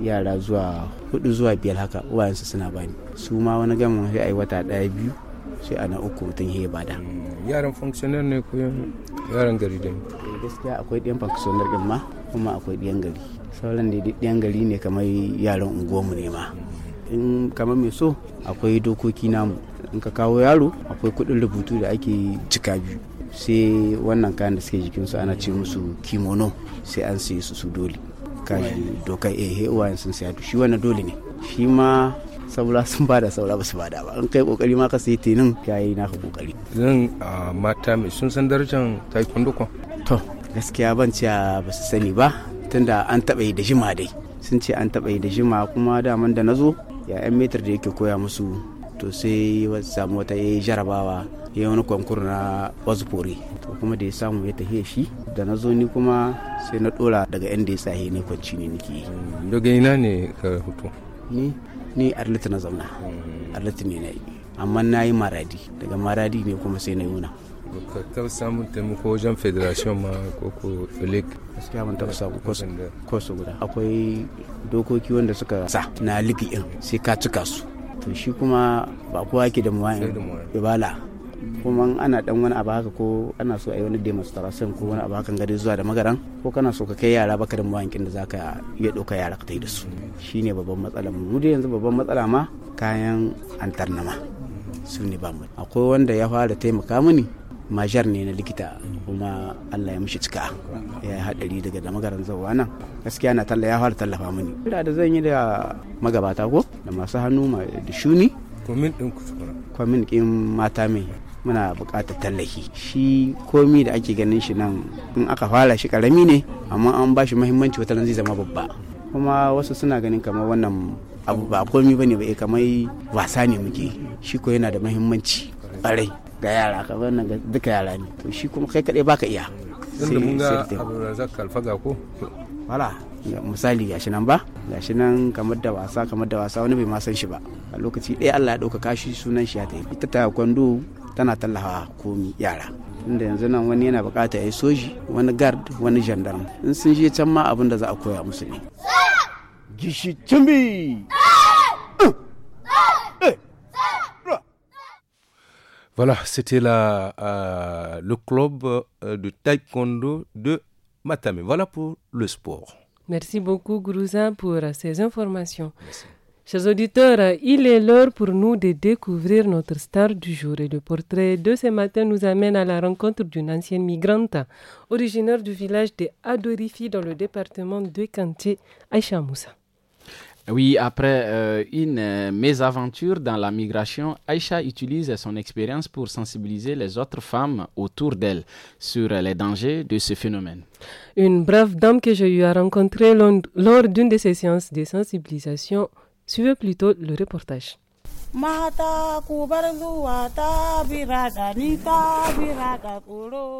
yara zuwa hudu zuwa biyar haka uwayensu suna bani su ma wani gama sai a yi wata daya biyu sai ana uku mutum ya bada hmm, yaran funksiyonar ne ko yaran gari da eh, gaskiya akwai ɗiyan funksiyonar din ma kuma akwai ɗiyan gari sauran da ɗiyan gari ne kamar yaran unguwarmu ne ma in kamar mai so akwai dokoki namu in ka kawo yaro akwai kuɗin rubutu da ake cika biyu sai wannan kayan da suke jikinsu ana ce musu kimono sai an siye su su dole kaji dokar ehe eh, uwayen sun siya shi wannan dole ne shi ma saura sun da saura ba su ba an kai kokari ma ka sai tenin yayi na ka kokari zan mata mai sun san darajar taekwondo ko to gaskiya ban ce ba su sani ba tunda an taba yi da jima dai sun ce an taba yi da jima kuma daman da na zo. ya yan metar da yake koya musu to sai samu wata ya yi jarabawa ya wani kwankur na wazufori to kuma da ya samu ya tafiya shi da na zo ni kuma sai na dora daga inda ya tsaye ne kwanci ne nake yi hmm, daga ina ne ka hutu ni ni arlita na zauna hmm. arlita ne na yi amma na yi maradi daga maradi ne kuma sai na yi wuna ka samu taimako wajen federation ma ko ko gaskiya ban taɓa samu kosu guda akwai dokoki wanda suka sa na in sai ka cika su to shi kuma ba kowa yake da muwayin ibala kuma ana dan wani abu haka ko ana so a yi wani demonstration ko wani abu haka gari zuwa da magaran ko kana so ka kai yara baka da mawankin da zaka iya ɗauka yara ka da su shine babban matsala mu dai yanzu babban matsala ma kayan antarnama su ne ba mu akwai wanda ya fara taimaka mini majar ne na likita kuma Allah ya mishi cika ya yi haɗari daga da magaran zauwa nan gaskiya na talla ya fara tallafa mini ina da zan yi da magabata ko da masu hannu da shuni kwamin ɗin kwamin ɗin mata mai muna buƙatar tallafi shi komi da ake ganin shi nan in aka fara shi ƙarami ne amma an ba shi muhimmanci wata zai zama babba kuma wasu suna ganin kamar wannan abu ba komi ne ba eh, kamar wasa ne muke shi ko yana da muhimmanci ƙwarai ga yara ka wannan duka yara ne to shi kuma kai kadai baka iya sai mun ga zaka Alfaga ko wala misali gashi nan ba gashi nan kamar da wasa kamar da wasa wani bai ma san shi ba a lokaci ɗaya Allah ya ɗaukaka shi sunan shi ya ta ita ta kwando tana tallafa komi yara inda yanzu nan wani yana bukata ya yi soji wani gard wani gendarme in sun je can ma abin da za a koya musu ne gishi cimbi eh! Eh! Eh! Voilà, c'était euh, le club euh, de taekwondo de Matame. Voilà pour le sport. Merci beaucoup, Grousin, pour ces informations. Chers auditeurs, il est l'heure pour nous de découvrir notre star du jour et le portrait de ce matin nous amène à la rencontre d'une ancienne migrante originaire du village de Adorifi dans le département de Kanté, Aïcha Moussa. Oui, après euh, une euh, mésaventure dans la migration, Aïcha utilise son expérience pour sensibiliser les autres femmes autour d'elle sur les dangers de ce phénomène. Une brave dame que j'ai eu à rencontrer lors d'une de ces séances de sensibilisation. Suivez plutôt le reportage.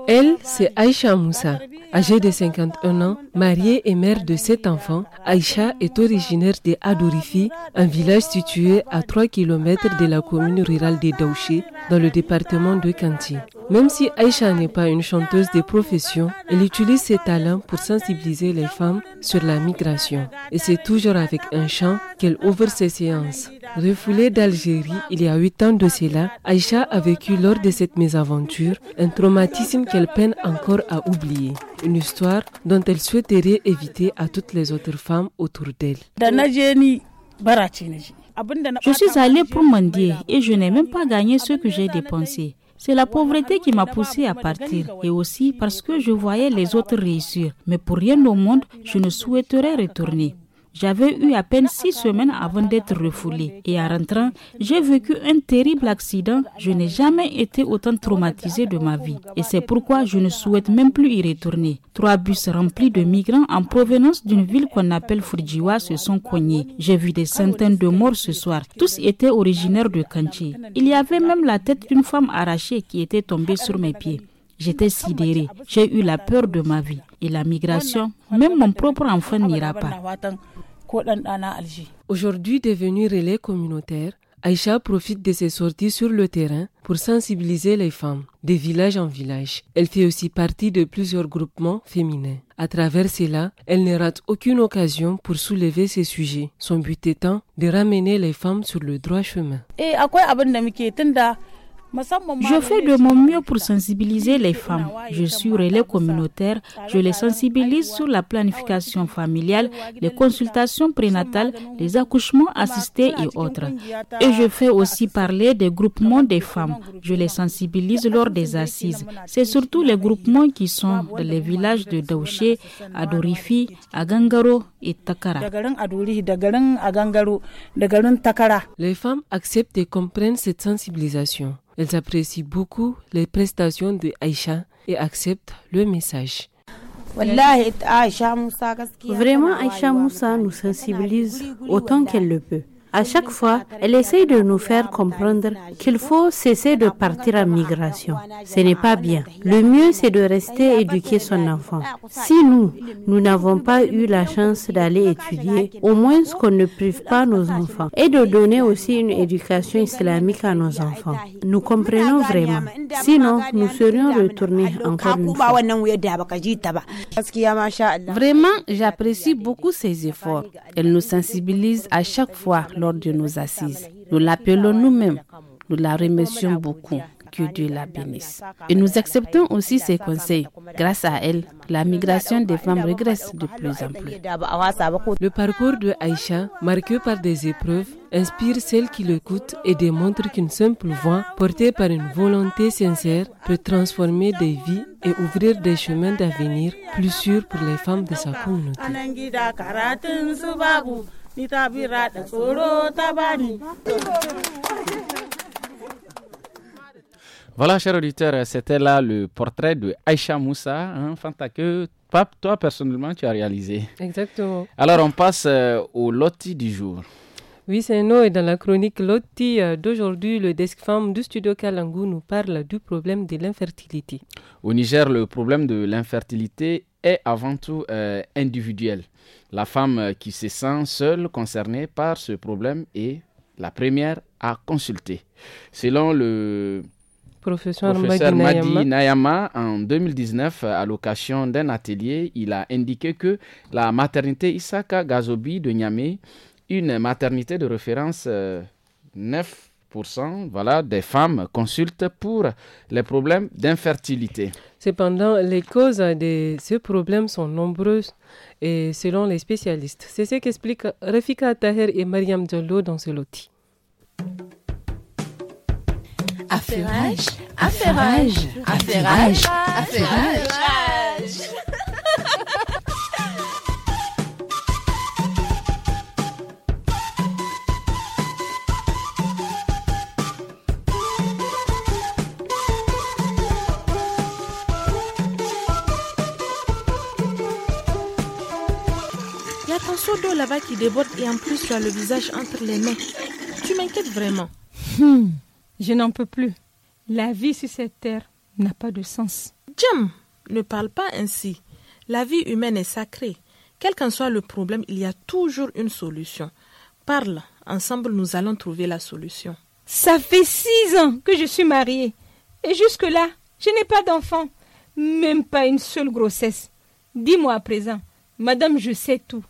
Elle, c'est Aïcha Moussa, âgée de 51 ans, mariée et mère de sept enfants. Aïcha est originaire de Adorifi, un village situé à 3 km de la commune rurale de Daouché, dans le département de Kanti. Même si Aïcha n'est pas une chanteuse de profession, elle utilise ses talents pour sensibiliser les femmes sur la migration. Et c'est toujours avec un chant qu'elle ouvre ses séances. Refoulée d'Algérie il y a huit ans de cela, Aïcha a vécu lors de cette mésaventure un traumatisme qu'elle peine encore à oublier. Une histoire dont elle souhaiterait éviter à toutes les autres femmes autour d'elle. Je suis allée pour mendier et je n'ai même pas gagné ce que j'ai dépensé. C'est la pauvreté qui m'a poussée à partir et aussi parce que je voyais les autres réussir. Mais pour rien au monde, je ne souhaiterais retourner. J'avais eu à peine six semaines avant d'être refoulé, et en rentrant, j'ai vécu un terrible accident. Je n'ai jamais été autant traumatisé de ma vie et c'est pourquoi je ne souhaite même plus y retourner. Trois bus remplis de migrants en provenance d'une ville qu'on appelle Fujiwa se sont cognés. J'ai vu des centaines de morts ce soir. Tous étaient originaires de Kanchi. Il y avait même la tête d'une femme arrachée qui était tombée sur mes pieds. J'étais sidérée. J'ai eu la peur de ma vie et la migration. Même mon propre enfant n'ira pas. Aujourd'hui devenue relais communautaire, Aïcha profite de ses sorties sur le terrain pour sensibiliser les femmes des villages en village. Elle fait aussi partie de plusieurs groupements féminins. À travers cela, elle ne rate aucune occasion pour soulever ces sujets, son but étant de ramener les femmes sur le droit chemin. Et à quoi je fais de mon mieux pour sensibiliser les femmes. Je suis relais communautaire. Je les sensibilise sur la planification familiale, les consultations prénatales, les accouchements assistés et autres. Et je fais aussi parler des groupements des femmes. Je les sensibilise lors des assises. C'est surtout les groupements qui sont dans les villages de Daouché, à Dorifi, à et Takara. Les femmes acceptent et comprennent cette sensibilisation. Elles apprécient beaucoup les prestations de Aïcha et acceptent le message. Vraiment, Aïcha Moussa nous sensibilise autant qu'elle le peut. À chaque fois, elle essaye de nous faire comprendre qu'il faut cesser de partir en migration. Ce n'est pas bien. Le mieux, c'est de rester éduquer son enfant. Si nous, nous n'avons pas eu la chance d'aller étudier, au moins qu'on ne prive pas nos enfants et de donner aussi une éducation islamique à nos enfants. Nous comprenons vraiment. Sinon, nous serions retournés encore une fois. Vraiment, j'apprécie beaucoup ses efforts. Elle nous sensibilise à chaque fois de nos assises. Nous l'appelons nous-mêmes. Nous la remercions beaucoup. Que Dieu la bénisse. Et nous acceptons aussi ses conseils. Grâce à elle, la migration des femmes régresse de plus en plus. Le parcours de Aïcha, marqué par des épreuves, inspire celles qui l'écoutent et démontre qu'une simple voix, portée par une volonté sincère, peut transformer des vies et ouvrir des chemins d'avenir plus sûrs pour les femmes de sa communauté. Voilà, chers auditeurs, c'était là le portrait de Aïcha Moussa, un hein, Fanta, que toi personnellement tu as réalisé. Exactement. Alors on passe euh, au loti du jour. Oui, c'est nous et dans la chronique Loti euh, d'aujourd'hui, le desk femme du studio Kalangu nous parle du problème de l'infertilité. Au Niger, le problème de l'infertilité est avant tout euh, individuel. La femme euh, qui se sent seule concernée par ce problème est la première à consulter. Selon le professeur, Madi, Nayama, en 2019, à l'occasion d'un atelier, il a indiqué que la maternité Isaka Gazobi de Niamey, une maternité de référence euh, neuf. 9 voilà, des femmes consultent pour les problèmes d'infertilité. Cependant, les causes de ce problèmes sont nombreuses et selon les spécialistes. C'est ce qu'expliquent Rafika Taher et Mariam Diallo dans ce loti. affairage, affairage, affairage. seau là-bas qui déborde et en plus tu as le visage entre les mains. Tu m'inquiètes vraiment. Hmm, je n'en peux plus. La vie sur cette terre n'a pas de sens. Jim, ne parle pas ainsi. La vie humaine est sacrée. Quel qu'en soit le problème, il y a toujours une solution. Parle, ensemble nous allons trouver la solution. Ça fait six ans que je suis mariée. Et jusque-là, je n'ai pas d'enfant. Même pas une seule grossesse. Dis-moi à présent, madame, je sais tout.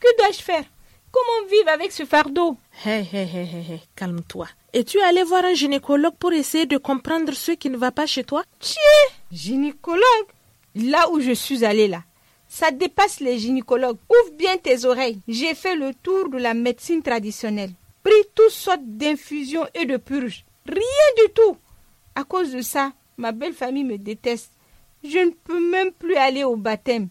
Que dois-je faire Comment vivre avec ce fardeau Hé, hé, hé, hé, calme-toi. es tu allé voir un gynécologue pour essayer de comprendre ce qui ne va pas chez toi Tiens, gynécologue Là où je suis allée là, ça dépasse les gynécologues. Ouvre bien tes oreilles. J'ai fait le tour de la médecine traditionnelle. Pris toutes sortes d'infusions et de purges. Rien du tout. À cause de ça, ma belle famille me déteste. Je ne peux même plus aller au baptême.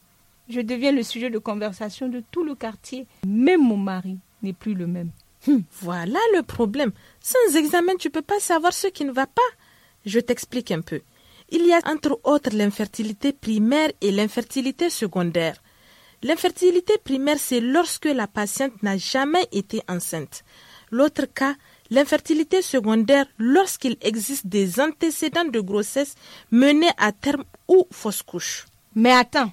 Je deviens le sujet de conversation de tout le quartier. Même mon mari n'est plus le même. Hmm, voilà le problème. Sans examen, tu peux pas savoir ce qui ne va pas. Je t'explique un peu. Il y a entre autres l'infertilité primaire et l'infertilité secondaire. L'infertilité primaire, c'est lorsque la patiente n'a jamais été enceinte. L'autre cas, l'infertilité secondaire, lorsqu'il existe des antécédents de grossesse menés à terme ou fausse couche. Mais attends,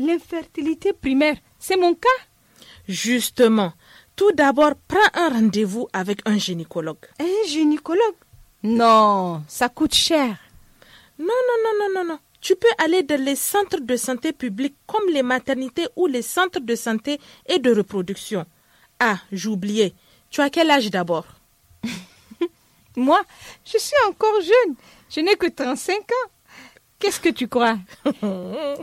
l'infertilité primaire. C'est mon cas Justement, tout d'abord, prends un rendez-vous avec un gynécologue. Un gynécologue Non, ça coûte cher. Non, non, non, non, non, non. Tu peux aller dans les centres de santé publics comme les maternités ou les centres de santé et de reproduction. Ah, j'oubliais. Tu as quel âge d'abord Moi, je suis encore jeune. Je n'ai que 35 ans. Qu'est-ce que tu crois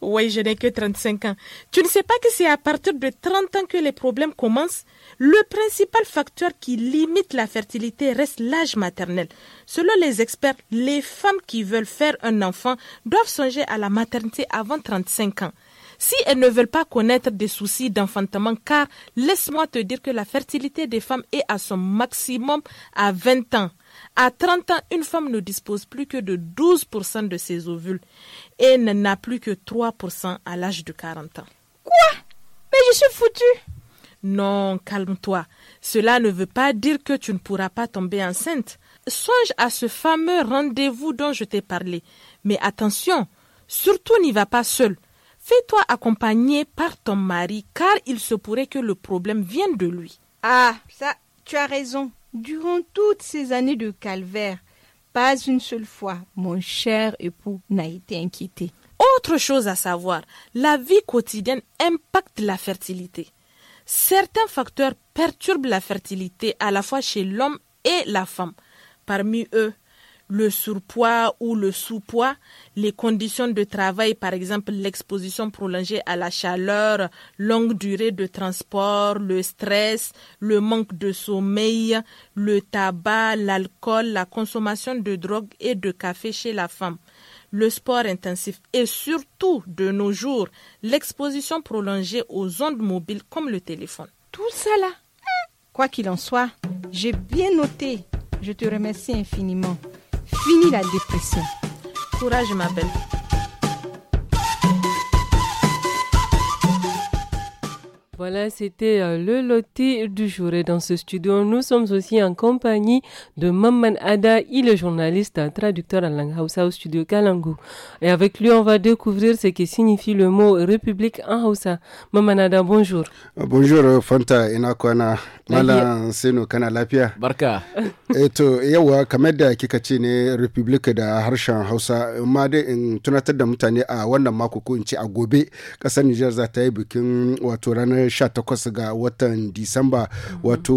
Oui, je n'ai que 35 ans. Tu ne sais pas que c'est à partir de 30 ans que les problèmes commencent Le principal facteur qui limite la fertilité reste l'âge maternel. Selon les experts, les femmes qui veulent faire un enfant doivent songer à la maternité avant 35 ans si elles ne veulent pas connaître des soucis d'enfantement, car laisse-moi te dire que la fertilité des femmes est à son maximum à 20 ans. À 30 ans, une femme ne dispose plus que de 12% de ses ovules et n'a plus que 3% à l'âge de 40 ans. Quoi Mais je suis foutue Non, calme-toi. Cela ne veut pas dire que tu ne pourras pas tomber enceinte. Songe à ce fameux rendez-vous dont je t'ai parlé. Mais attention, surtout n'y va pas seule Fais-toi accompagner par ton mari car il se pourrait que le problème vienne de lui. Ah, ça, tu as raison. Durant toutes ces années de calvaire, pas une seule fois mon cher époux n'a été inquiété. Autre chose à savoir, la vie quotidienne impacte la fertilité. Certains facteurs perturbent la fertilité à la fois chez l'homme et la femme. Parmi eux, le surpoids ou le sous-poids, les conditions de travail, par exemple l'exposition prolongée à la chaleur, longue durée de transport, le stress, le manque de sommeil, le tabac, l'alcool, la consommation de drogue et de café chez la femme le sport intensif et surtout de nos jours l'exposition prolongée aux ondes mobiles comme le téléphone. Tout cela. quoi qu'il en soit, j'ai bien noté. Je te remercie infiniment. Fini la dépression. Courage ma belle. Voilà, c'était euh, le loté du jour. Et dans ce studio, nous sommes aussi en compagnie de Maman Ada. Il est journaliste, traducteur en langue Hausa au studio Kalangu. Et avec lui, on va découvrir ce que signifie le mot République en Hausa. Maman Ada, bonjour. Euh, bonjour, euh, Fanta Inakwana. Malam Seno Kanalapia. lafiya. Barka. Eto, yawa kamar da kika ce ne Republic da harshen Hausa, ma dai in tunatar da mutane a wannan mako ko in ce a gobe, ƙasar Nijar za ta yi bikin wato ranar 18 ga watan disamba wato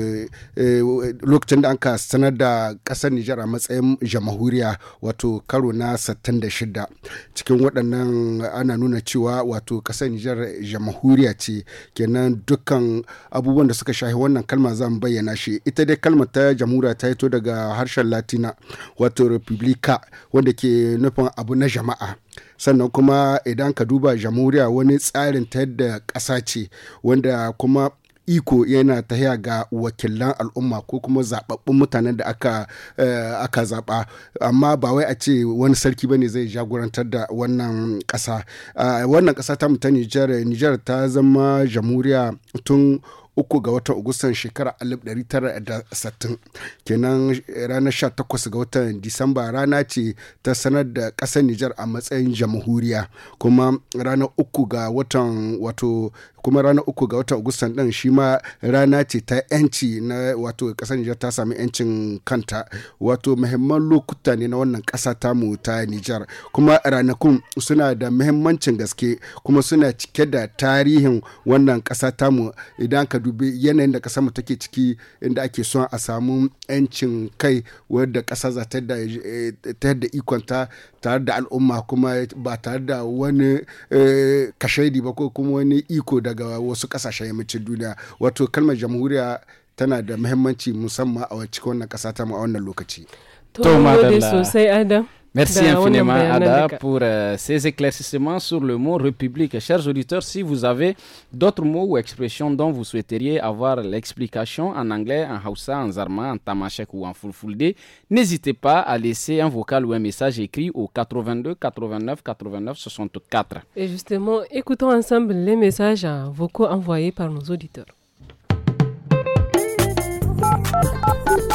eh, eh, lokacin da an ka sanar da kasar nijar a matsayin jamhuriya wato karo na 66 cikin waɗannan ana nuna cewa wato kasar nijar jamhuriya ce kenan dukkan abubuwan da suka shahi wannan kalma zan bayyana shi ita dai kalmar ta jamhuriya ta hito daga harshen latina wato republica wanda ke nufin abu na jama'a sannan kuma idan ka duba jamhuriya wani tsarin ta yadda ƙasa ce wanda kuma iko yana ta ga wakilan al'umma ko kuma zababbun mutanen da aka uh, aka zaba amma ba wai a ce wani sarki bane zai jagorantar da wannan ƙasa uh, wannan kasa ta ta Nijar ta zama jamhuriya tun uku ga watan Agustan shekarar 1960. Kenan eh, ranar 18 ga watan Disamba rana ce ta sanar da ƙasar Nijar a matsayin jamhuriya kuma ranar uku ga watan wato kuma ranar uku ga watan Agustan ɗin shi ma rana ce ta 'yanci na wato ƙasar Nijar ta sami 'yancin kanta wato muhimman lokuta ne na wannan ƙasa tamu ta Nijar kuma ranakun suna da muhimmancin gaske kuma suna cike da tarihin wannan ƙasa tamu idan ka dubi yanayin da kasar mu take ciki inda ake son a samu 'yancin kai wadda kasa za eh, ta yadda ikonta tare da al'umma kuma ba tare da wani eh, kashaidi ba ko kuma wani iko daga wasu kasashen yammacin duniya wato kalmar jamhuriya tana da muhimmanci musamman a cikin wannan kasa ta mu a wannan lokaci. To, sosai Adam. Merci ben, infiniment, Ada, pour euh, ces éclaircissements sur le mot République. Chers auditeurs, si vous avez d'autres mots ou expressions dont vous souhaiteriez avoir l'explication en anglais, en Hausa, en Zarma, en Tamashek ou en Fulfulde, n'hésitez pas à laisser un vocal ou un message écrit au 82 89 89 64. Et justement, écoutons ensemble les messages euh, vocaux envoyés par nos auditeurs.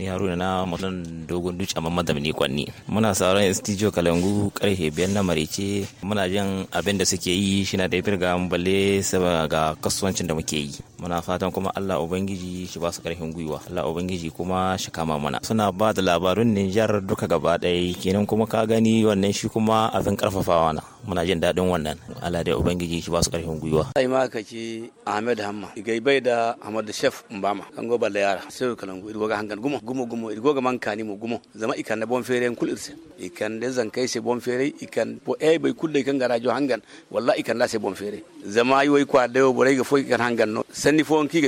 ni haruna na mutum dogon duci a madamni kwanni muna sauran studio kalangu karfe biyar na marece muna jin abin da suke yi shi na da ga firga balle ga kasuwancin da muke yi muna fatan kuma allah ubangiji shi ba su karfin gwiwa allah ubangiji kuma shi kama mana suna ba da labarun nijar duka gaba ɗaya kenan kuma ka gani wannan shi kuma abin karfafawa na muna jin daɗin wannan Allah da ubangiji shi ba su gwiwa ai ma ci Ahmed Hamma igai bai da Ahmad Chef Mbama kan go balle yara sai kalangu irgo ga hangan gumo gumo gumo irgo ga mankani mu gumo zama ikan na bon fere kul irse ikan da zan kai sai bon fere ikan po ai eh, bai kulle kan garajo hangan wallahi ikan la sai bon fere zama yi wai kwa da bore ga foi kan hangan no sanni fo on te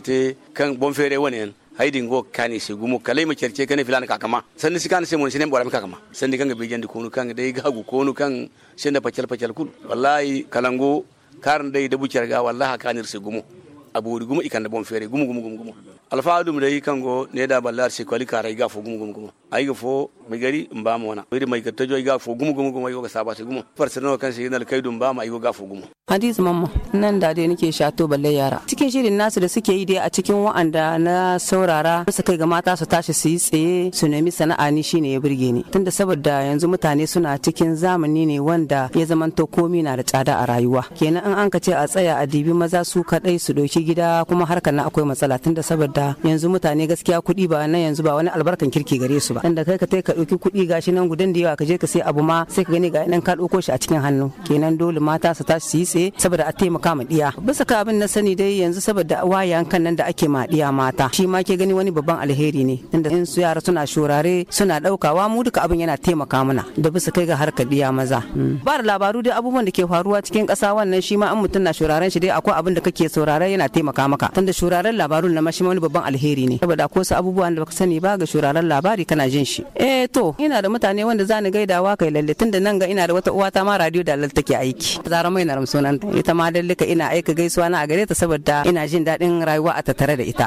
kan bon fere wani haidin go kani se gumo kalai ma cerce kane filan ka kama sanni sikani se mun sinen bora ka kama sanni kanga be jandi konu kanga dai gagu konu kan senda pacal pacal kul wallahi kalango karn dai dabu cerga wallahi kanir se gumo abori gumu ikanda bon fere gumu gumu gumu gumu alfa dum dai kango ne da ballar se kwali kara ga fo gumu gumu gumu ai ga fo mai gari in ba mu wana wiri mai gatta jo ga fo gumu gumu gumu ai ga saba ta gumu farsana nawa kan sai nal kaidun ba mu ai ga fo gumu hadis mamma nan da dai nake shato balle yara cikin shirin nasu da suke yi dai a cikin wa'anda na saurara su kai ga mata su tashi su yi tsaye su nemi sana'a ni shine ya burge ni tunda saboda yanzu mutane suna cikin zamani ne wanda ya zamanto komi na da tsada a rayuwa kenan in an ka ce a tsaya a dibi maza su kadai su doki gida kuma harkar na akwai matsala tunda saboda yanzu mutane gaskiya kuɗi ba na yanzu ba wani albarkan kirki gare su ba dan da kai ka tai ka ɗauki kuɗi gashi nan gudan da yawa ka je ka sai abu ma sai ka gani ga nan ka ɗauko shi a cikin hannu kenan dole mata su tashi su yi tsaye saboda a taimaka ma ɗiya bisa ka abin na sani dai yanzu saboda wayan kan nan da ake ma ɗiya mata shi ma ke gani wani babban alheri ne tunda in su yara suna shorare suna daukawa mu duka abin yana taimaka mana da bisa kai ga harkar ɗiya maza ba da labaru dai abubuwan da ke faruwa cikin ƙasa wannan shi ma an mutum na shoraren shi dai akwai abin da kake saurare yana taimaka maka tunda shuraren labarun na mashi wani babban alheri ne saboda ko su abubuwa da baka sani ba ga shuraren labari kana jin shi eh to ina da mutane wanda zani gaidawa kai lalle tunda nan ga ina da wata uwa ta ma radio da lalle take aiki zara mai na ramsonan ita ma lalle ka ina aika gaisuwa na a gare ta saboda ina jin daɗin rayuwa a tattare da ita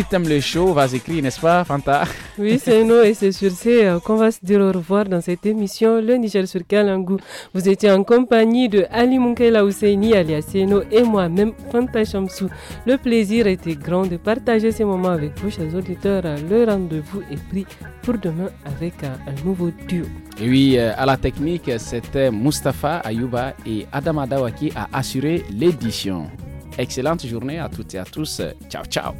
si t'aimes le show, vas-y, n'est-ce pas, Fanta Oui, c'est nous et c'est sur ce euh, qu'on va se dire au revoir dans cette émission Le Niger sur Kalangou. Vous étiez en compagnie de Ali Moukela Ousseini, alias et moi-même, Fanta Chamsou. Le plaisir était grand de partager ces moments avec vous, chers auditeurs. Le rendez-vous est pris pour demain avec euh, un, nouveau duo. Et oui, euh, à la technique, c'était Mustapha Ayuba et Adam Adawaki à a l'édition. Excellente journée à toutes et à tous. Ciao, ciao.